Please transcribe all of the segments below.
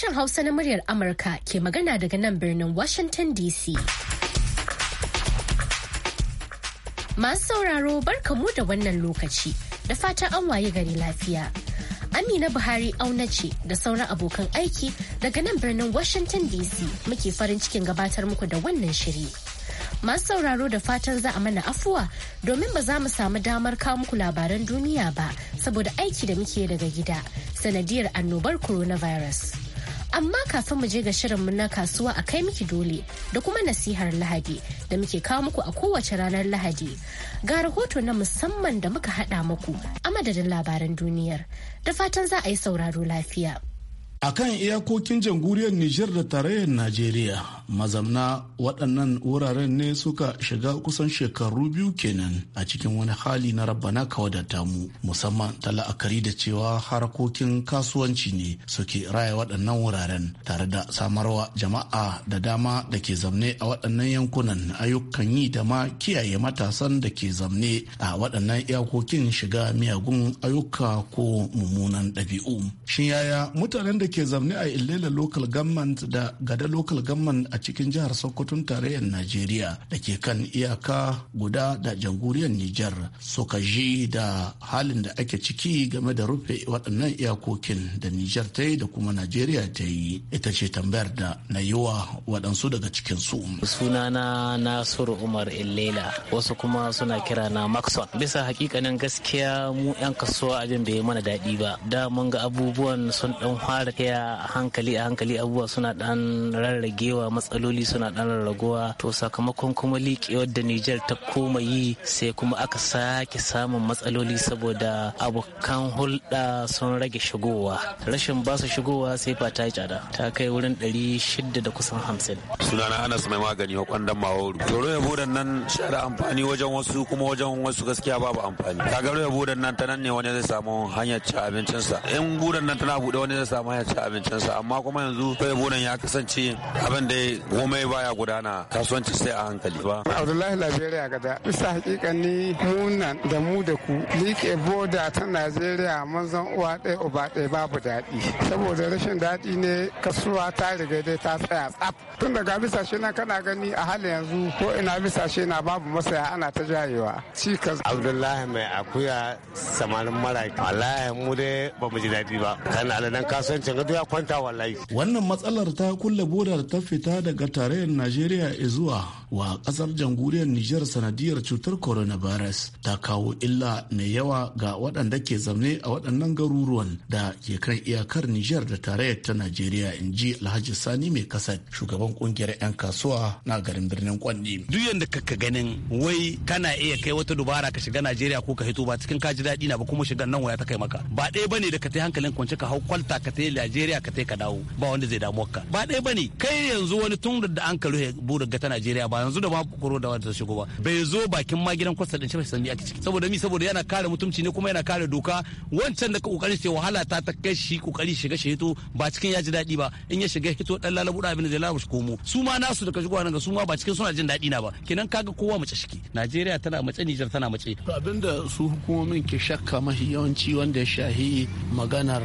Sashen Hausa na muryar Amurka ke magana daga nan birnin Washington DC. Masu sauraro barkamu da wannan lokaci da fatan an waye gari lafiya. Amina Buhari auna ce da sauran abokan aiki daga nan birnin Washington DC muke farin cikin gabatar muku da wannan shiri. Masu sauraro da fatan za a mana afuwa domin ba za mu samu damar kawo muku labaran duniya ba saboda aiki da muke daga gida sanadiyar annobar coronavirus. amma kafin mu je ga shirinmu na kasuwa a kai miki dole da kuma nasihar lahadi da muke kawo muku a kowace ranar lahadi ga rahoto na musamman da muka haɗa muku a madadin labaran duniyar da fatan za a yi sauraro lafiya. a kan iyakokin jamhuriyar Nijar da tarayyar Najeriya mazamna waɗannan wuraren ne suka shiga kusan shekaru biyu kenan a cikin wani hali na rabbana kawadata tamu, musamman ta la'akari da cewa harkokin kasuwanci ne suke raya waɗannan wuraren tare da samarwa jama'a da dama da ke zamne a waɗannan yankunan ayyukan yi da ma kiyaye matasan da ke zamne a waɗannan iyakokin shiga miyagun ayyuka ko mummunan ɗabi'u. Shin yaya mutanen da ke zamne a Ilela Local Government da Gada Local Government a cikin jihar Sokoton tarayyar Najeriya da ke kan iyaka guda da jamhuriyar Nijar suka ji da halin da ake ciki game da rufe waɗannan iyakokin da Nijar ta yi da kuma Najeriya ta yi ita ce tambayar da na yi wa waɗansu daga cikin su. Sunana Nasiru Umar Ilela wasu kuma suna kira na Maxon. Bisa hakikanin gaskiya mu 'yan kasuwa abin bai mana daɗi ba. Da mun ga abubuwan sun ɗan fara tahiya a hankali a hankali abubuwa suna dan rarragewa matsaloli suna dan raguwa to sakamakon kuma liƙewar da Nijar ta koma yi sai kuma aka sake samun matsaloli saboda abokan hulɗa sun rage shigowa rashin basu shigowa sai ta yi tsada ta kai wurin ɗari shida da kusan hamsin. sunana anas mai magani wa kwandon maworu Toro ya buɗe nan shi amfani wajen wasu kuma wajen wasu gaskiya babu amfani kaga roya budan nan ta nan ne wani zai samu hanyar ci abincinsa in buɗe nan tana buɗe wani zai samu hanyar ci abincinsa amma kuma yanzu bunan ya kasance abin da komai baya gudana kasuwanci sai a hankali ba. Abdullahi Liberia gada bisa ni munan da mu da ku liƙe boda ta Najeriya manzan uwa ɗaya uba ɗaya babu daɗi saboda rashin daɗi ne kasuwa ta riga dai ta tsaya tsaf tun daga bisashe na kana gani a halin yanzu ko ina shi na babu masaya ana ta jayewa cikas abdullahi mai akuya samanin mara wallahi mu dai ba mu ji daɗi ba kana alalan kasuwancin gado ya kwanta wallahi wannan matsalar ta kulle bodar ta fita daga tarayyar najeriya zuwa wa kasar jamhuriyar Nijar sanadiyar cutar coronavirus ta kawo illa na yawa ga waɗanda ke zamne a waɗannan garuruwan da ke kan iyakar Nijar da tarayyar ta Najeriya in ji Alhaji Sani mai kasar shugaban kungiyar 'yan kasuwa na garin birnin Kwanni. Duk yanda kaka ganin wai kana iya kai wata dubara ka shiga Najeriya ko ka hito ba cikin kaji daɗi na ba kuma shigan nan waya ta kai maka. Ba ɗaya bane da ka tai hankalin kwance ka hau kwalta ka tai Najeriya ka tai ka dawo ba wanda zai damu ka. Ba ɗaya bane kai yanzu wani tun da an kalu burin ga ta Najeriya ba yanzu da babu koro da wata shigo ba bai zo bakin ma gidan kwasa din shi san a ciki saboda mi saboda yana kare mutunci ne kuma yana kare doka wancan da ka kokari sai wahala ta ta kai shi kokari shiga shi ba cikin ya ji daɗi ba in ya shiga hito dan lalabu abin da zai lalabu komo su ma nasu da ka shigo nan ga su ma ba cikin suna jin daɗi na ba kenan kaga kowa mace shiki Najeriya tana mace Nijar tana mace to abinda su hukumomin ke shakka mahi yawanci wanda ya shahi maganar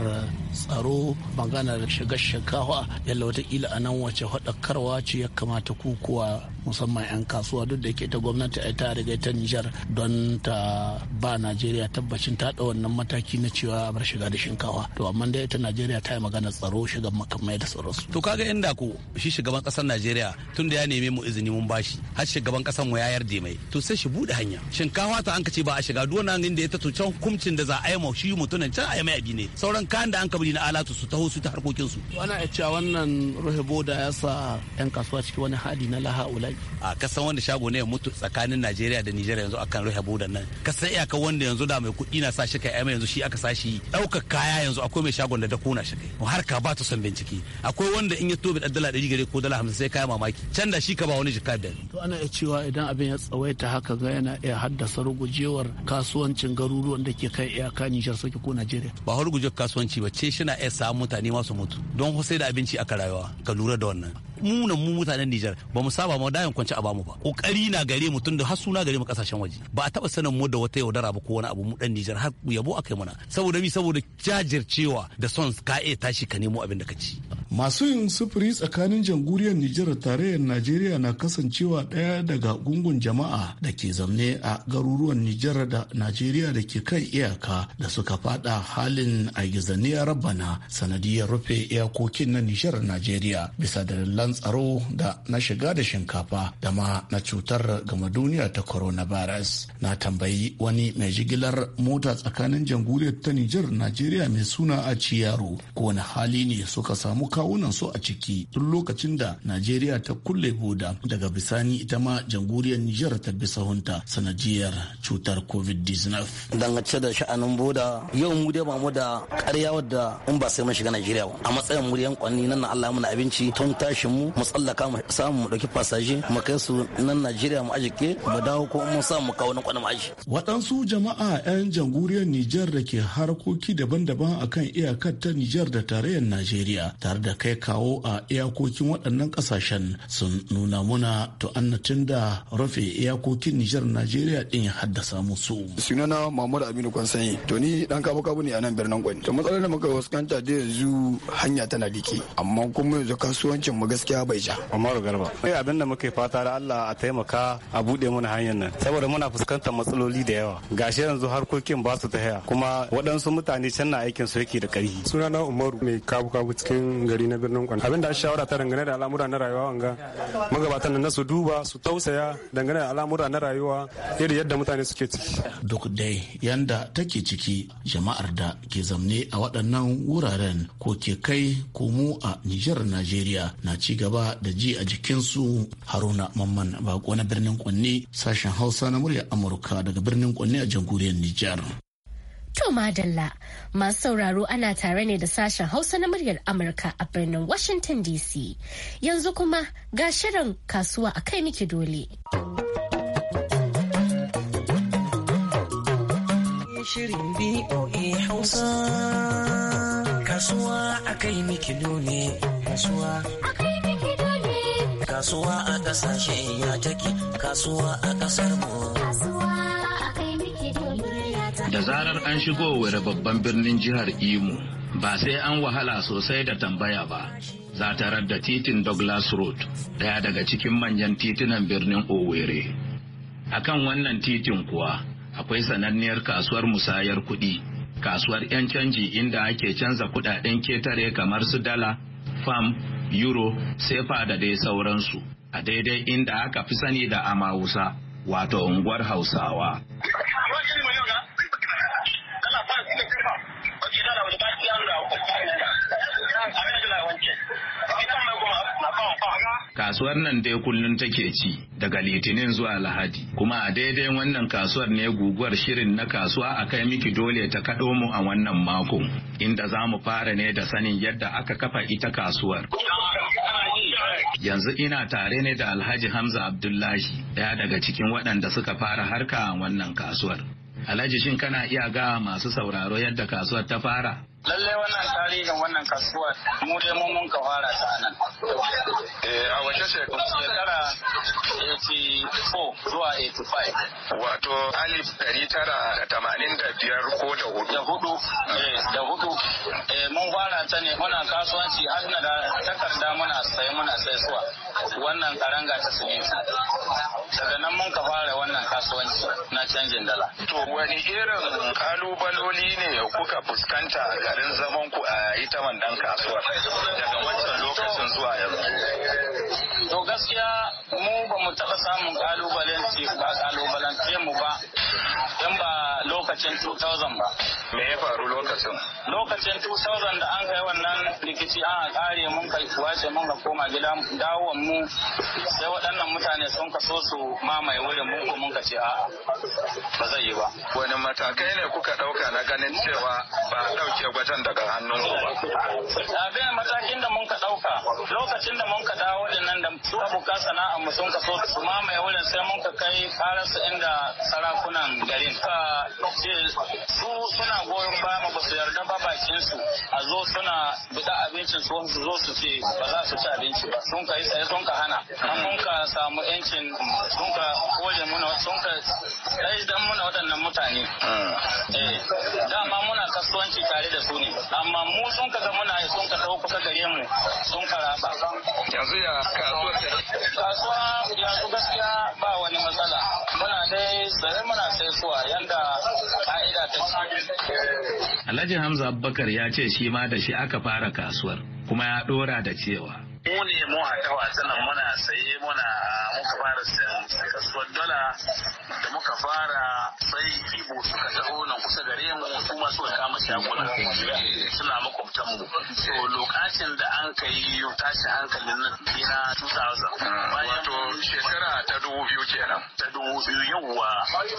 tsaro maganar shiga shakawa yalla watakila a nan wace faɗakarwa ce ya kamata kuwa musamman 'yan kasuwa duk da ke ta gwamnati a ta riga ta nijar don ta ba najeriya tabbacin ta wannan mataki na cewa bar shiga da shinkawa to amma dai ita najeriya ta yi magana tsaro shiga makamai da tsaro. to kaga inda ko shi shugaban kasar najeriya tun da ya neme mu izini mun bashi har shugaban kasar mu ya yarda mai to sai shi bude hanya shinkawa ta an ka ce ba a shiga duk wannan inda ya tato can hukuncin da za a yi shi mutunan can a yi mai abi ne sauran kayan da an kabari na alatu su taho su ta harkokin su ana iya cewa wannan ruhe boda ya sa yan kasuwa cikin wani hali na laha'ula a kasan wanda shago ne ya mutu tsakanin Najeriya da nijeriya yanzu akan rufe bodan nan kasan iyaka wanda yanzu da mai kuɗi na sa shi kai amma yanzu shi aka sa shi ɗauka kaya yanzu akwai mai shagon da da na shi kai har ka ba ta son bincike akwai wanda in ya tobe da dala ɗari gare ko dala hamsin sai kaya mamaki can da shi ka ba wani jika da to ana iya cewa idan abin ya tsawaita haka ga yana iya haddasa rugujewar kasuwancin garuruwan da ke kai iyaka Nijar sarki ko Najeriya ba rugujewar kasuwanci ba ce shi na iya samun mutane masu mutu don sai da abinci aka rayuwa ka lura da wannan munan mu mutanen Nijar ba mu saba ma dayan kwanci a bamu ba kokari na gare mu tunda har suna gare mu kasashen waje ba a taba sanin mu da wata yaudara ba ko wani abu mu dan Nijar har yabo a akai mana saboda mi saboda jajircewa da son ka iya tashi ka nemo abin da ka ci masu yin sufuri tsakanin jamhuriyar Nijar da tarayyar Najeriya na kasancewa daya daga gungun jama'a da ke zamne a garuruwan Nijar da Najeriya da ke kan iyaka da suka fada halin a gizaniya rabbana sanadiyar rufe iyakokin na Nijar Najeriya bisa da dalilan tsaro da na shiga da shinkafa da ma na cutar gama duniya ta coronavirus na tambayi wani mai jigilar mota tsakanin jamhuriyar ta Nijar Najeriya mai suna a Ciyaro ko wani hali ne suka samu kawunan su a ciki tun lokacin da Najeriya ta kulle boda daga bisani ita ma jamhuriyar Nijar ta bi sahunta sanadiyar cutar COVID-19. Dangance da sha'anin boda yau mu dai ba karya wadda in ba sai mun shiga Najeriya ba a matsayin mu kwanni nan Allah mana abinci tun tashin mu mu tsallaka mu samu mu dauki fasaje mu kai su nan Najeriya mu ajike mu dawo ko mu samu kawo nan mu aji waɗansu jama'a 'yan jamhuriyar Nijar da ke harkoki daban-daban akan iyakar ta Nijar da tarayyar Najeriya tare da kai kawo a iyakokin waɗannan ƙasashen sun nuna muna to tu'annatin da rufe iyakokin Nijar Najeriya din ya haddasa musu sunana Muhammad Aminu Kwansani to ni dan kabo kabo ne a nan birnin Kwani to matsalar da muka fuskanta da yanzu hanya tana dike amma kuma yanzu kasuwancin mu ga gaskiya bai ja Umaru Garba Ai eh, abin da muke fata da Allah a taimaka a bude mana hanyar nan saboda muna fuskantar matsaloli da yawa gashi yanzu harkokin ba su ta haya kuma waɗansu mutane can na aikin su yake da ƙarfi sunana Umaru mai kabu kabu cikin gari na birnin Kwana abin da shawara ta dangane da al'amura na rayuwa wanga magabatan nan su duba su tausaya dangane da al'amura na rayuwa irin yadda mutane suke ciki duk dai yanda take ciki jama'ar da ke zamne a waɗannan wuraren ko ke kai ko mu a Nijar Najeriya na ci gaba da ji a jikinsu haruna mamman bako na birnin kwanne sashen hausa na murya amurka daga birnin kwanne a jamhuriyar nijar To madalla masu sauraro ana tare ne da sashen hausa na muryar amurka a birnin washington dc yanzu kuma ga shirin kasuwa a kai miki dole. shirin BOA Hausa. Kasuwa a kai miki dole. Kasuwa a kasuwa a kasashe ya take kasuwa a kasar mu da zarar an shigo wani babban birnin jihar imo ba sai an wahala sosai da tambaya ba za ta da titin douglas road daya daga cikin manyan titunan birnin owerri akan wannan titin kuwa akwai sananniyar kasuwar musayar kuɗi kasuwar 'yan canji inda ake canza kudaden ketare kamar su dala fam euro sefa da dai sauransu a daidai inda aka fi sani da amawusa wato unguwar hausawa kasuwar nan dai kullum take ci daga litinin zuwa lahadi kuma a daidai wannan kasuwar ne guguwar shirin na kasuwa a kai miki dole ta kaɗo mu a wannan makon inda za mu fara ne da sanin yadda aka kafa ita kasuwar yanzu ina tare ne da alhaji hamza abdullahi ɗaya daga cikin waɗanda suka fara harka a wannan kasuwar alhaji shin kana iya ga masu sauraro yadda kasuwar ta fara lallai wannan ga wannan kasuwar mu dai mun mun ka fara ta nan. Eh, a wace shekara? Shekara 84 zuwa 85. Wato alif dari tara da tamanin da biyar ko da hudu. Da hudu. Eh, da hudu. Eh, mun fara ta ne muna kasuwanci har na da takarda muna sai muna sai suwa. Wannan karanga ta su Daga nan mun ka fara wannan kasuwanci na canjin dala. To wani irin kalubaloli ne kuka fuskanta garin zaman ku a ita man dan kasuwa daga wancan lokacin zuwa yanzu to gaskiya mu ba mu taɓa samun kalubalen ba kalubalen mu ba don ba lokacin 2000 ba me ya faru lokacin lokacin 2000 da an kai wannan rikici an kare mun kai wace mun ka koma gida dawon mu sai waɗannan mutane sun kaso su mamaye wurin mun ko mun ka ce a'a ba zai yi ba wani matakai ne kuka ɗauka na ganin cewa ba a ɗauke gwajin daga hannun ku ba abin matakin da mun ka ɗauka lokacin da mun ka dawo da nan da su abuka sana'a mu sun kaso su mamaye wurin sai mun ka kai karasu inda sarakunan garin ka ce su suna goyon baya ba su yarda ba bakin su a zo suna bida abincin su wasu zo su ce ba za su ci abinci ba sun ka yi tsaye sun ka hana an mun ka samu yancin sun ka koje muna sun ka tsaye dan muna waɗannan mutane hmm. eh, dama muna kasuwanci tare da su ne amma mu sun ka ga muna yi sun ka tau kusa gare mu sun ka raba yanzu ya kasuwa kasuwa yanzu gaskiya ba wani matsala muna dai tsaye muna sai suwa yanda Alhaji Hamza Abubakar ya ce shi ma da shi aka fara kasuwar kuma ya dora da cewa. Mu ne mu a kawa muna saye muna muka fara kasuwar dala fara sai ibo suka taho nan kusa gare mu su ma suka kama shaguna suna makwabtan mu so lokacin da an kai tashin hankalin nan na 2000 wato shekara ta dubu biyu kenan ta dubu biyu yawwa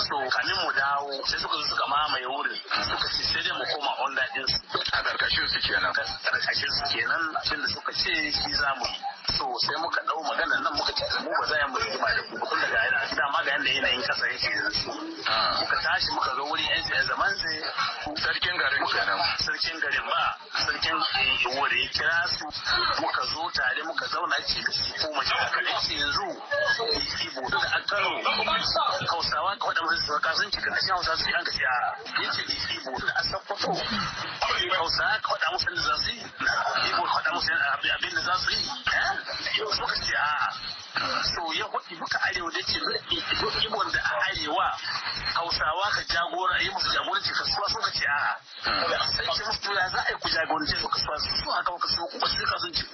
so kanin mu dawo sai suka zo suka mamaye wurin suka ce sai dai mu koma onda din su a karkashin su kenan karkashin su kenan abinda suka ce shi zamu yi so sai muka dau maganar nan muka ce mu ba za mu rigima da ku da ga yana dama ga yanda yanayin kasa yake yanzu ah. muka tashi muka zo wurin yan zaman sai sarkin garin kenan sarkin garin ba sarkin wuri ya kira su muka zo tare muka zauna ce da ko mace aka ce yanzu ibo da akaro kausawa ka wada musu ka sun ci kana hausa su yanka an ka ce da yace ibo da asakwato kausawa ka wada musu da zasu ibo ka wada musu abin da zasu yi eh muka ce a so ya hudu duka arewa da ke ibon da a arewa hausawa ka jagora yi musu jagoranci kasuwa suka ce a hmm. sai ce musu ya za a yi ku jagoranci su kasuwa su a kawo kasuwa kuma su ka sun ci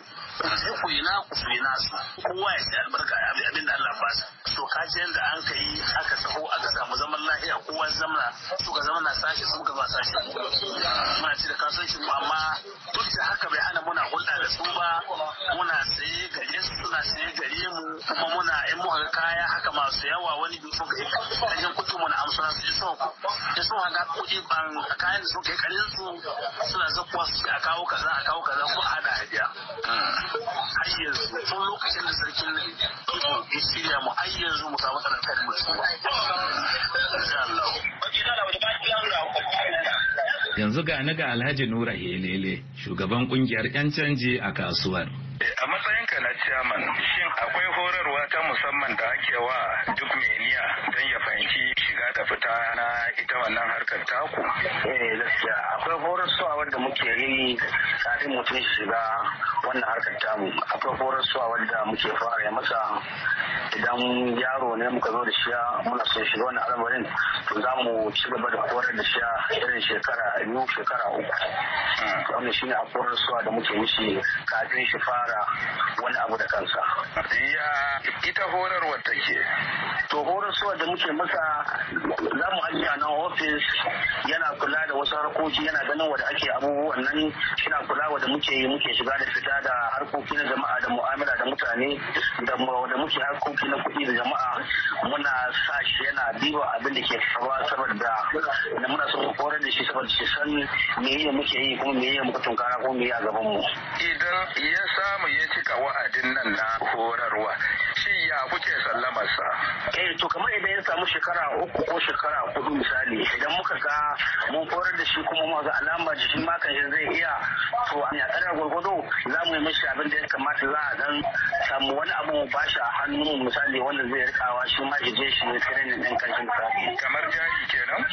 ku yi na ku yi nasu kowa ya sai albarka abin da Allah ba su to ka ji yadda an kai aka taho aka samu zaman lafiya kowa zamana suka zamana sashi sun ka ba sashi muna ci da kasuwanci mu amma duk da haka bai hana muna hulɗa da su ba muna saye gare su suna saye gare mu kuma muna in muka kaya haka masu yawa wani bi sun kai kuɗi ban kayan da sun kai su suna zakuwa su a kawo kaza a kawo kaza ko a hada hadiya hmm. har yanzu tun lokacin da sarkin iko ya mu har yanzu mu samu tsaron kan mutum insha Allah yanzu ga ni ga Alhaji Nura Helele shugaban kungiyar 'yan canji a kasuwar a matsayinka na ciyaman shin akwai horarwa ta musamman da ake wa duk mai wannan harkar taku? Eh gaskiya akwai horaswa wanda muke yi kafin mutum shiga wannan harkar tamu. Akwai horaswa wanda muke fara masa idan yaro ne muka zo da shiya muna son shiga wannan al'amarin to za mu ci gaba da horar da shiya irin shekara biyu shekara uku. Hmm. Wannan shine a horaswa da muke mishi kafin shi fara wani abu da kansa. Eh, ita horarwar take to horarsuwar da muke masa za mu ajiye a nan ofis yana kula da wasu harkoki yana ganin wanda ake abubuwan nan yana kula da muke yi muke shiga da fita da harkoki na jama'a da mu'amala da mutane da muke harkoki na kuɗi da jama'a muna sa shi yana diba abin da ke faruwa saboda da muna so horar da shi saboda shi san me yi muke yi kuma me yi muka tunkara kuma me a gaban mu idan ya samu ya cika wa'adin nan na horarwa ya kuke sallamar sa eh to kamar idan ya samu shekara uku ko shekara hudu misali idan muka ga mun horar da shi kuma mu ga alamar jikin kan yanzu zai iya to a tsara gwargwado za mu yi mishi abin da ya kamata za a dan samu wani abu mu bashi a hannu misali wanda zai rikawa shi ma je shi ne training din kashin sa kamar jari kenan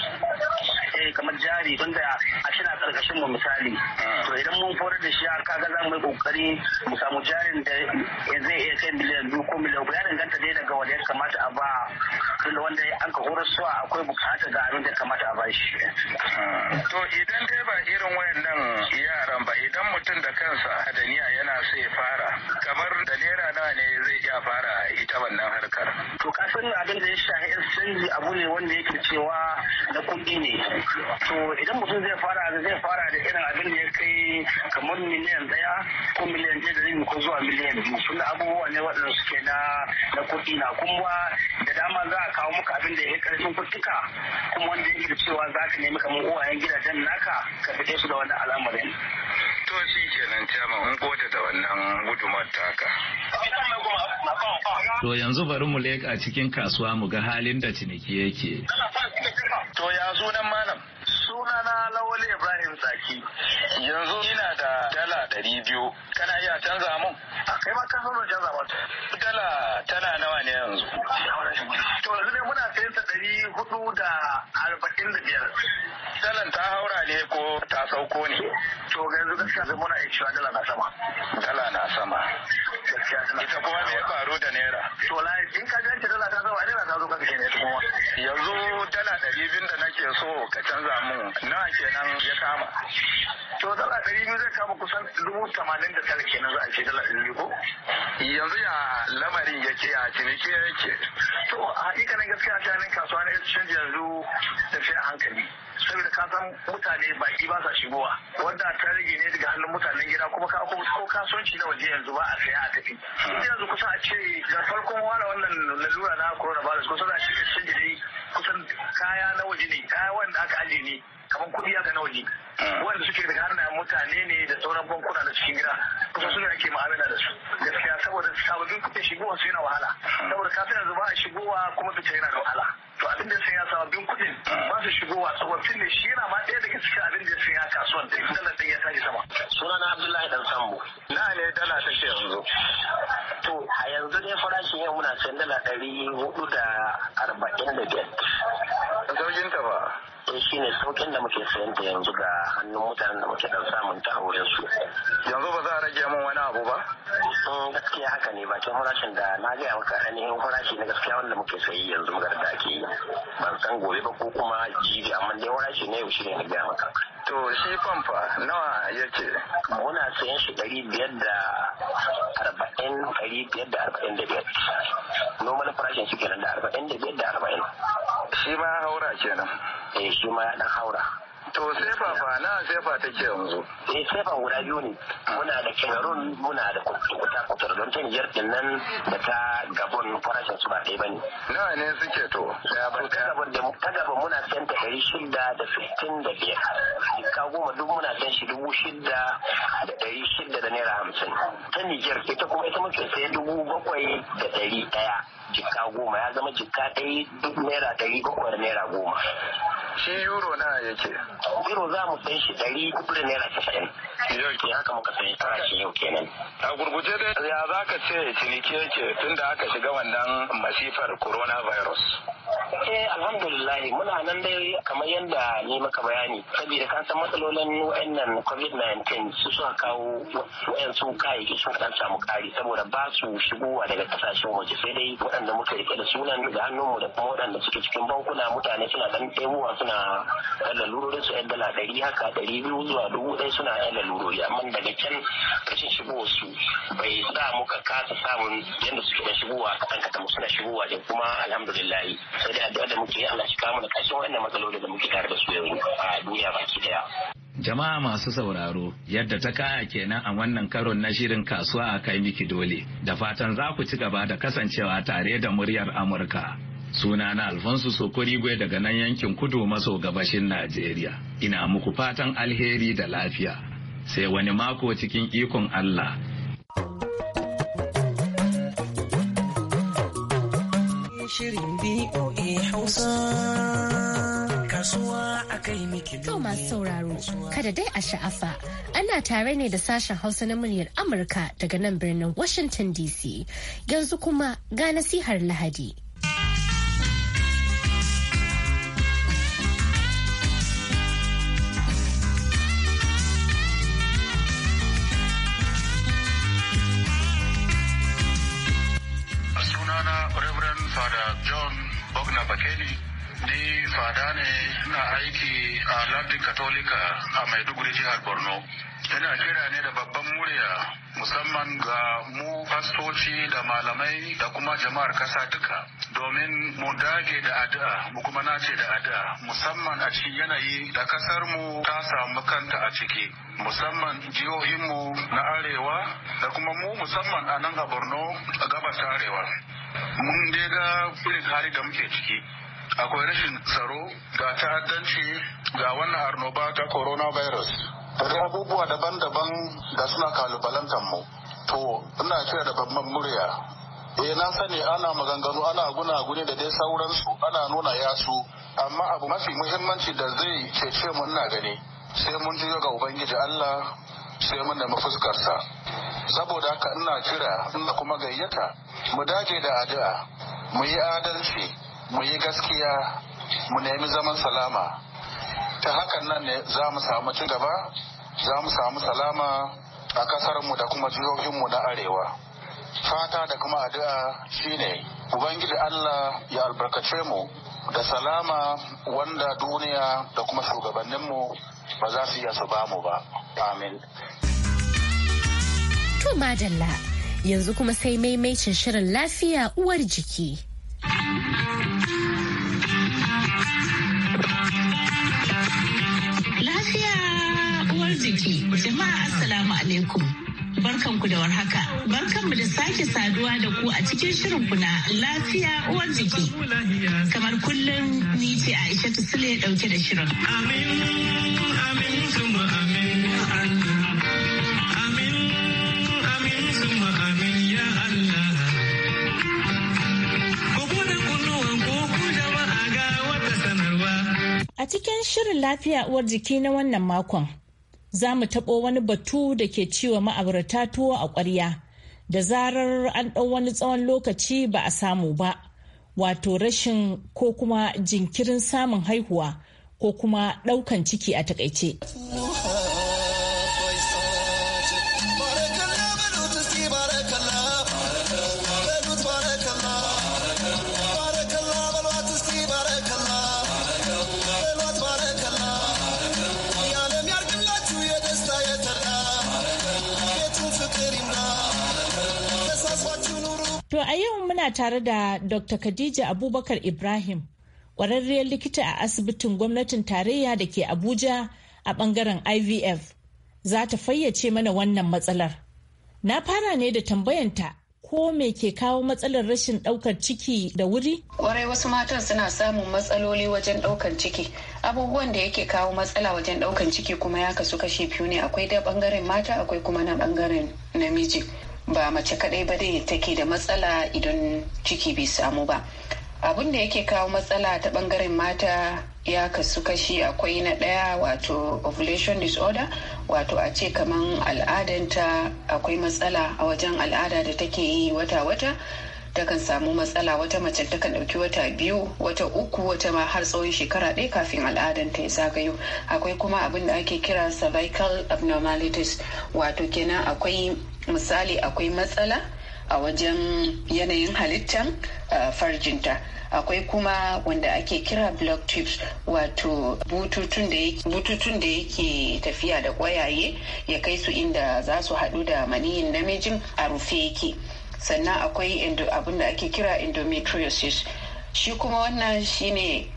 eh kamar jari tunda a shi na karkashin mu misali ah. to idan mun horar da shi ga za mu yi kokari mu samu jarin da zai iya kai miliyan biyu ko miliyan guda danganta ne daga wanda ya kamata a ba tunda wanda ya anka horar suwa akwai bukata ga abin da kamata a ba shi. To idan dai ba irin wayannan yaran ba idan mutum da kansa a daniya yana so ya fara kamar da naira nawa ne zai iya fara ita wannan harkar. To ka san abin da ya shafi canji abu ne wanda yake cewa na kuɗi ne. To idan mutum zai fara zai fara da irin abin da ya kai kamar miliyan ɗaya ko miliyan ɗaya da ko zuwa miliyan biyu tunda abubuwa ne waɗanda suke na na kuɗi na kuma da dama za a kawo muka abin da ya karfin kuɗuka kuma wanda yake da cewa za ka nemi kamar uwayen gidajen naka ka fite su da wannan al'amarin. To shi kenan cama mun gode da wannan gudumar taka. To yanzu bari mu leƙa cikin kasuwa mu ga halin da ciniki yake. To ya sunan malam. Sunana Ibrahim Tsaki yanzu ina da dala ɗari biyu kana iya canza mun? A kai ma kan zama canza ba. Dala tana nawa ne yanzu? To yanzu ne muna sayan ta ɗari hudu da arba'in da biyar. Dalan ta haura ne ko ta sauko ne? To yanzu gaskiya sai muna iya cewa dala na sama. Dala na sama. Ita kuma me ya faru da naira? To lai in ka ganta dala ta sama naira ta zo ka kike ne kuma. Yanzu dala ɗari biyu da nake so ka canza mun nawa kenan ya kama to dala ɗari biyu zai kama kusan dubu tamanin da tara kenan za a ce dala ɗari biyu ko yanzu ya lamarin yake a ciniki yake to a hakikanin gaskiya ta nan kasuwa na exchange yanzu da a hankali saboda ka san mutane baki ba sa shigowa wanda ta rage ne daga hannun mutanen gida kuma ka ko kasuwanci na waje yanzu ba a saya a tafi yanzu kusa a ce ga farkon wara wannan lalura na coronavirus kusa za a ce exchange dai kusan kaya na waje ne kaya wanda aka ajiye ne kamar kuɗi aka na waje wanda suke daga hannayen mutane ne da sauran bankuna na cikin gida kusa suna ake ma'amala da su gaskiya saboda sababbin kuɗin shigowa su yana wahala saboda kafin yanzu ba a shigowa kuma fita yana da wahala to abin da sai ya sababbin kuɗin ba su shigowa tsofaffin ne shi yana ma ɗaya daga cikin abin da sai ya kasuwan da dala ɗin ya tashi sama sunana abdullahi dan sambo na ne dala ta ce yanzu to a yanzu ne farashin yau muna sayan dala ɗari hudu da arba'in da biyar. Zaujinta ba. sai shi ne sauƙin da muke sayan ta yanzu ga hannun mutanen da muke dan samun ta a wurin su. Yanzu ba za a rage mun wani abu ba? Mm, gaskiya haka ne bakin farashin da na gaya maka ainihin farashi na gaskiya wanda muke sayi yanzu muka da ake yi. Ban san gobe ba ko kuma jibi amma dai farashi na yau shi ne na gaya maka. to shi famfa nawa yake muna sayan shi dari biyar da arba'in dari biyar da arba'in da biyar normal farashin shi kenan da arba'in da biyar da arba'in shi ma haura kenan eh shi ma ya dan haura To sefa fa na sefa ke yanzu. Eh sefa guda biyu ne. Muna da Cameroon muna da Kuta Kutar don ta Niger din nan da ta Gabon farashin su ba ɗaya ba ne. Nawa ne suke to? Daya ba ta Gabon da ta Gabon muna san ta ɗari shida da sittin da biyar. Ka goma duk muna san shi dubu shida da ɗari shida da naira hamsin. Ta Niger ita kuma ita muke sai dubu bakwai da ɗari ɗaya. Jikka goma ya zama jikka ɗaya duk naira ɗari bakwai da naira goma. shi euro na yake euro za mu sai shi ɗari kudin da naira casa'in yau ke haka muka sai farashi yau kenan a gurguje dai ya za ka ce ciniki yake tun da aka shiga wannan masifar coronavirus eh alhamdulillah muna nan dai kamar yadda ni maka bayani saboda kan san matsalolin wayannan covid-19 su suka kawo wayansu kayayyaki sun kan samu kari saboda ba su shigowa daga kasashen waje sai dai waɗanda muka rike da sunan da hannunmu da kuma waɗanda suke cikin bankuna mutane suna dan ɗebowa suna suna yan lalurorin su yan dala ɗari haka ɗari biyu zuwa dubu ɗaya suna yan lalurori amma daga can kashin shigo su bai sa muka kasa samun yadda suke da shigowa kaɗan kaɗan suna shigowa da kuma alhamdulillah sai dai addu'a da muke Allah shi kawo mana kashin wannan matsaloli da muke tare da su yau a duniya baki daya. Jama'a masu sauraro, yadda ta kaya kenan a wannan karon na shirin kasuwa a kai miki dole, da fatan za ku ci gaba da kasancewa tare da muryar Amurka. Suna na Alfonso Sokorigwe daga nan yankin kudu maso gabashin Najeriya. Ina muku fatan alheri da lafiya. Sai wani mako cikin ikon Allah. Shirin To masu sauraro, kada dai a sha'afa, ana tare ne da sashen Hausa na muryar Amurka daga nan birnin Washington DC. Yanzu kuma ga nasihar Lahadi. Haruna Bakeli ni fada ne na aiki a lardin katolika a maiduguri jihar borno yana kira ne da babban murya musamman ga mu fastoci da malamai da kuma jama'ar kasa duka domin mu dage da addu'a mu kuma nace da addu'a musamman a cikin yanayi da kasar mu ta samu kanta a ciki musamman jihohinmu na arewa da kuma mu musamman a nan a borno a gabas arewa mun dai ga irin hali da muke ciki akwai rashin tsaro ga ta'addanci ga wannan arnoba ta coronavirus da abubuwa daban-daban da suna kalubalantar mu to ina cewa da babban murya eh na sani ana maganganu ana guna gune da dai sauransu ana nuna yasu amma abu mafi muhimmanci da zai cece mu ina gani sai mun ji ga ubangiji Allah sai mun nemi fuskarsa saboda haka ina kira ina kuma gayyata mu daje da addu'a mu yi adalci mu yi gaskiya mu nemi zaman salama ta hakan nan ne za mu samu ci gaba za mu samu salama a mu da kuma jihohinmu na arewa fata da kuma addu'a shine ubangiji allah ya albarkace mu da salama wanda duniya da kuma shugabanninmu ba za su iya su mu ba amin To madalla yanzu kuma sai maimaicin shirin lafiya uwar jiki. Lafiya uwar jiki, jama'a assalamu alaikum. barkanku da warhaka. Barkanmu da sake saduwa da ku a cikin shirin na lafiya uwar jiki. Kamar kullum ni ce Aisha Sule dauke da shirin. Amin, amin, amin. A cikin shirin lafiya uwar jiki na wannan makon, za mu taɓo wani batu da ke ciwa ma'aurata tuwo a ƙwarya da zarar an ɗau wani tsawon lokaci ba a samu ba, wato rashin ko kuma jinkirin samun haihuwa ko kuma ɗaukan ciki a taƙaice. To a yau muna tare da Dr. Khadija Abubakar Ibrahim, ƙwararriyar likita a asibitin gwamnatin tarayya da ke Abuja a ɓangaren IVF. Za ta fayyace mana wannan matsalar. Na fara ne da tambayanta ko me ke kawo matsalar rashin ɗaukar ciki da wuri? Ƙwarai wasu matan suna samun matsaloli wajen ɗaukar ciki. Abubuwan da yake kawo matsala wajen ɗaukar ciki kuma ya kasu kashi biyu ne akwai da ɓangaren mata akwai kuma na ɓangaren namiji. ba mace kaɗai ba dai take da matsala idan ciki bai samu ba abin da yake kawo matsala ta bangaren mata ya kasu kashi akwai na ɗaya wato ovulation disorder wato a ce kaman al'adanta akwai matsala a wajen al'ada da take yi wata-wata takan samu matsala wata mace takan ɗauki wata biyu wata uku wata ma har tsawon shekara ɗaya kafin al'adan ta ya zagayo akwai kuma abin da ake kira cervical abnormalities wato kenan akwai misali akwai matsala a wajen yanayin halittan farjinta akwai kuma wanda ake kira block tips wato bututun da yake tafiya da kwayaye ya kai su inda za su haɗu da maniyin namijin a rufe yake sannan akwai abin da ake kira endometriosis shi kuma wannan shine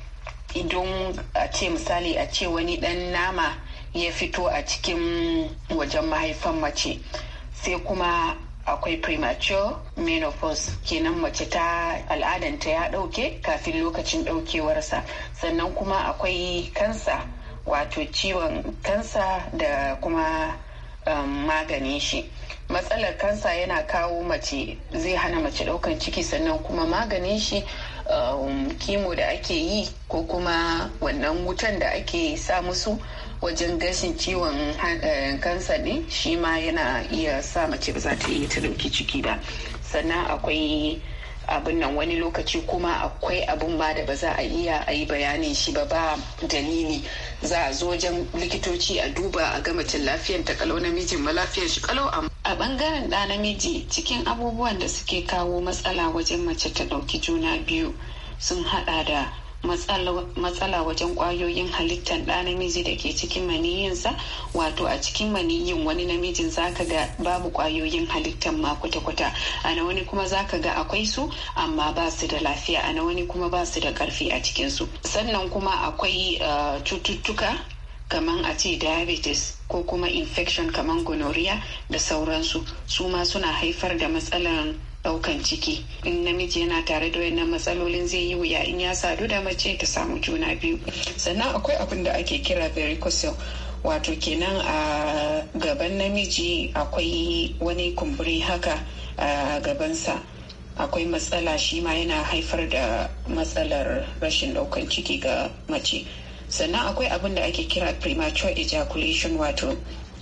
idan a ce misali a ce wani dan nama ya fito a cikin wajen mahaifan mace sai kuma akwai premature menopause kenan mace ta al'adanta ya ɗauke kafin lokacin ɗaukewarsa sannan kuma akwai kansa wato ciwon kansa da kuma um, maganin shi matsalar kansa yana kawo mace zai hana mace ɗaukan ciki sannan kuma maganin shi um, kimo da ake yi ko kuma wannan wutan da ake sa musu wajen gashin ciwon eh, kansa ne shi ma yana iya sa mace ba za ta iya ta ɗauki ciki ba sannan akwai abin nan wani lokaci kuma akwai abin ma da ba za a iya a yi bayanin shi ba ba dalili za a zo wajen likitoci a duba a ga mace lafiyan ta kalau namijin ma lafiyan shi kalau a bangaren da namiji cikin abubuwan da suke kawo matsala wajen mace ta ɗauki juna biyu sun haɗa da matsala wajen kwayoyin halittar ɗa namiji da ke cikin maniyinsa wato a cikin maniyin wani namijin zaka ga babu kwayoyin halittar ma kwata-kwata a wani kuma zaka ga akwai su amma ba su da lafiya a wani kuma ba su da karfi a cikinsu sannan kuma akwai eh, cututtuka kamar a ce diabetes ko kuma infection kamar gonorrhea da sauransu su ma suna haifar da matsalar ɗaukan ciki in namiji yana tare da wannan matsalolin zai yi wuya in ya sadu da mace ta samu juna biyu sannan akwai abin da ake kira varicose wato kenan a gaban namiji akwai wani kumburi haka a gabansa akwai matsala shi ma yana haifar da matsalar rashin daukan ciki ga mace sannan akwai abin da ake kira premature ejaculation wato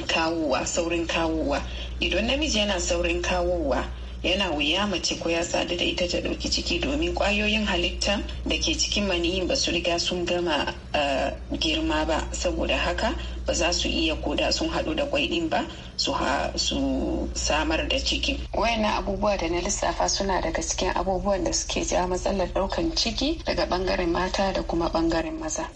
kawowa saurin kawowa idan namiji yana saurin kawowa yana wuya mace ko ya sadu da ita ta ɗauki ciki domin kwayoyin halitta da ke cikin maniyin ba su riga sun gama eh, girma ba saboda haka ba za su iya koda sun haɗu da kwai ɗin ba su samar da ciki. Wayannan abubuwa da na lissafa suna daga cikin abubuwan da suke ja matsalar ɗaukan ciki daga bangaren mata da kuma bangaren maza.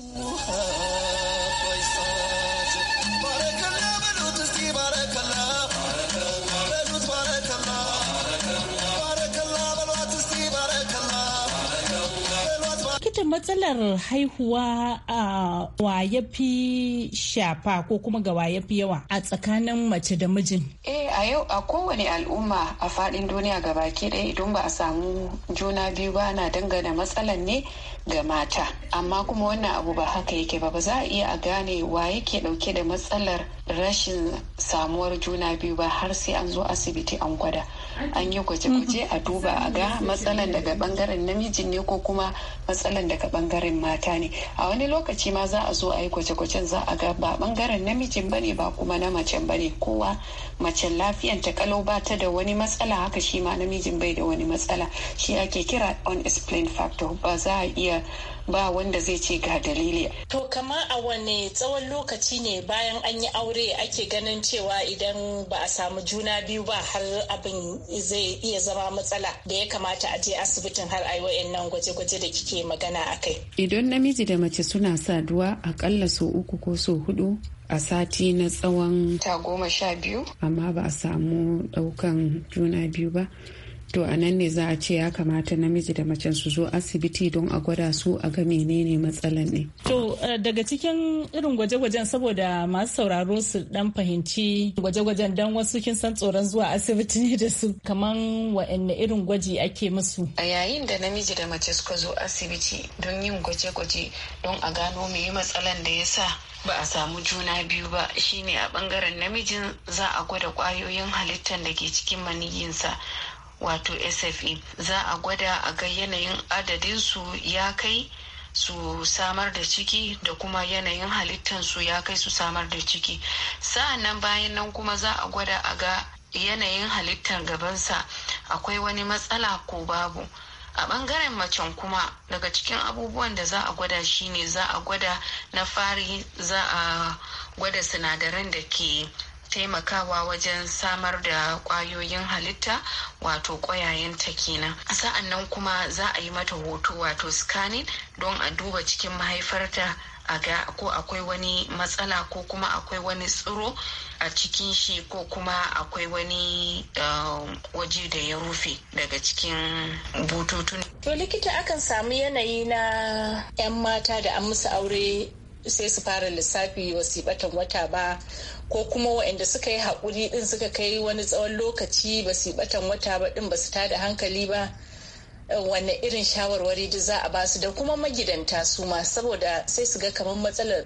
matsalar haihuwa a waye fi shafa ko kuma ga waye fi yawa a tsakanin mace da mijin? Eh a yau a kowane al'umma a fadin duniya ga baki ɗaya idan ba a samu juna biyu ba na dangana matsalar ne ga mata. Amma kuma wannan abu ba haka yake ba ba za a iya a gane wa yake ɗauke da matsalar rashin samuwar juna biyu ba har sai an zo asibiti an gwada. an yi kwace-kwace a duba a ga matsalan daga bangaren namiji ne ko kuma matsalan daga bangaren mata ne a wani lokaci ma za a zo a yi kwace-kwacen za a ga ba bangaren namijin bane ba kuma na macen bane kowa macen lafiyan ta kalau ba ta da wani matsala haka shi ma namijin bai da wani matsala shi ake kira unexplained factor ba za a iya ba wanda zai ce ga dalili. To kama a wane tsawon lokaci ne bayan an yi aure ake ganin cewa idan ba a samu juna biyu ba har abin zai iya zama matsala da ya kamata a je asibitin har ayi wa'annan gwaje-gwaje da kike magana a kai. Idan namiji da mace suna saduwa akalla sau uku ko sau hudu a sati na tsawon ta goma sha biyu amma ba a samu daukan juna biyu ba to a nan ne za a ce ya kamata namiji da mace su zo asibiti don a gwada su a ga menene matsalan ne to eh, daga cikin irin gwaje-gwajen saboda masu sauraro su dan fahimci gwaje-gwajen dan wasu kin san tsoron zuwa asibiti ne da su kaman wa'anne irin gwaji ake musu a yayin da namiji da mace suka zo asibiti don yin gwaje-gwaje don a gano me matsalan da ya sa ba a samu juna biyu ba shine a bangaren namijin za a gwada kwayoyin halittar da ke cikin maniyinsa wato sfe za a gwada a ga yanayin adadin su ya kai su samar da ciki da kuma yanayin su ya kai su samar da ciki sa'annan bayan nan kuma za a gwada a ga yanayin halittar gabansa akwai wani matsala ko babu a bangaren macen kuma daga cikin abubuwan da za a gwada shine za a gwada na fari za a gwada sinadaran da ke taimakawa wajen samar da kwayoyin halitta wato kwayayenta kenan sa'an nan kuma za a yi mata hoto wato scanning don a duba cikin mahaifarta a ga ko akwai wani matsala ko kuma akwai wani tsiro a cikin shi ko kuma akwai wani um, waje da ya rufe daga cikin bututun. To likita akan samu yanayi na 'yan mata da an musu aure sai su fara lissafi wasu batan wata ba ko kuma waɗanda suka yi haƙuri ɗin suka kai wani tsawon lokaci ba wata ba ɗin ba su tada hankali ba eh, wanne irin shawarwari da za a ba su da kuma magidanta su ma saboda sai su ga kamar matsalar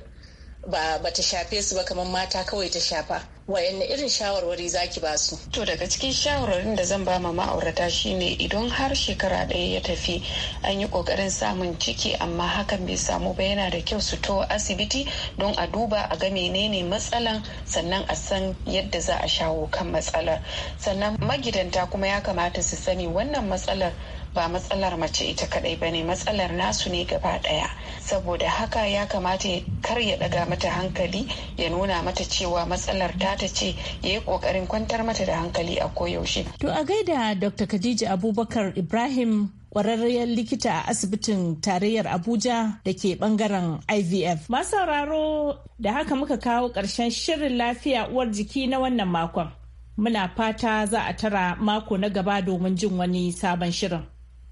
ba ta shafe su ba kamar mata kawai ta shafa wayanne irin shawarwari zaki ba su to daga cikin shawarwarin da zan ba ma ma'aurata shine idan har shekara ɗaya ya tafi an yi ƙoƙarin samun ciki amma hakan bai samu ba yana da kyau su to asibiti don a duba a ga menene matsalan sannan a san yadda za a shawo kan matsalar sannan magidanta kuma ya kamata su sani wannan matsalar ba matsalar mace ita kadai ba ne matsalar nasu ne gaba daya saboda haka ya kamata kar ya daga mata hankali ya nuna mata cewa matsalar ta ta ce ya yi kokarin kwantar mata da hankali a koyaushe. To a gaida Dr. Khadija Abubakar Ibrahim kwararriyar likita a asibitin tarayyar abuja da ke bangaren ivf sauraro da haka muka kawo ƙarshen shirin lafiya uwar jiki na wannan makon muna fata za a tara mako na gaba domin jin wani sabon shirin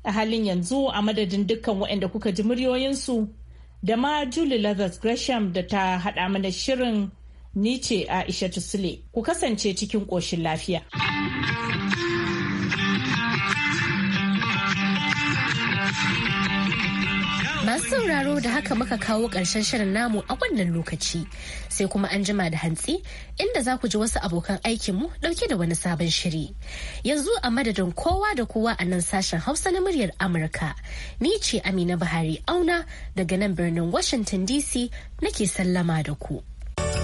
a halin yanzu a madadin dukkan waɗanda kuka ji muryoyinsu da ma Julie Lazarus Gresham da ta haɗa mana shirin nice ce Aisha Tusule ku kasance cikin ƙoshin lafiya. Masu sauraro da haka muka kawo ƙarshen shirin namu a wannan lokaci sai kuma an jima da hantsi inda za ku ji wasu abokan aikinmu ɗauke da wani sabon shiri. Yanzu a madadin kowa da kowa a nan sashen Hausa na muryar Amurka. Ni ce Amina Buhari Auna daga nan birnin Washington DC nake sallama da ku.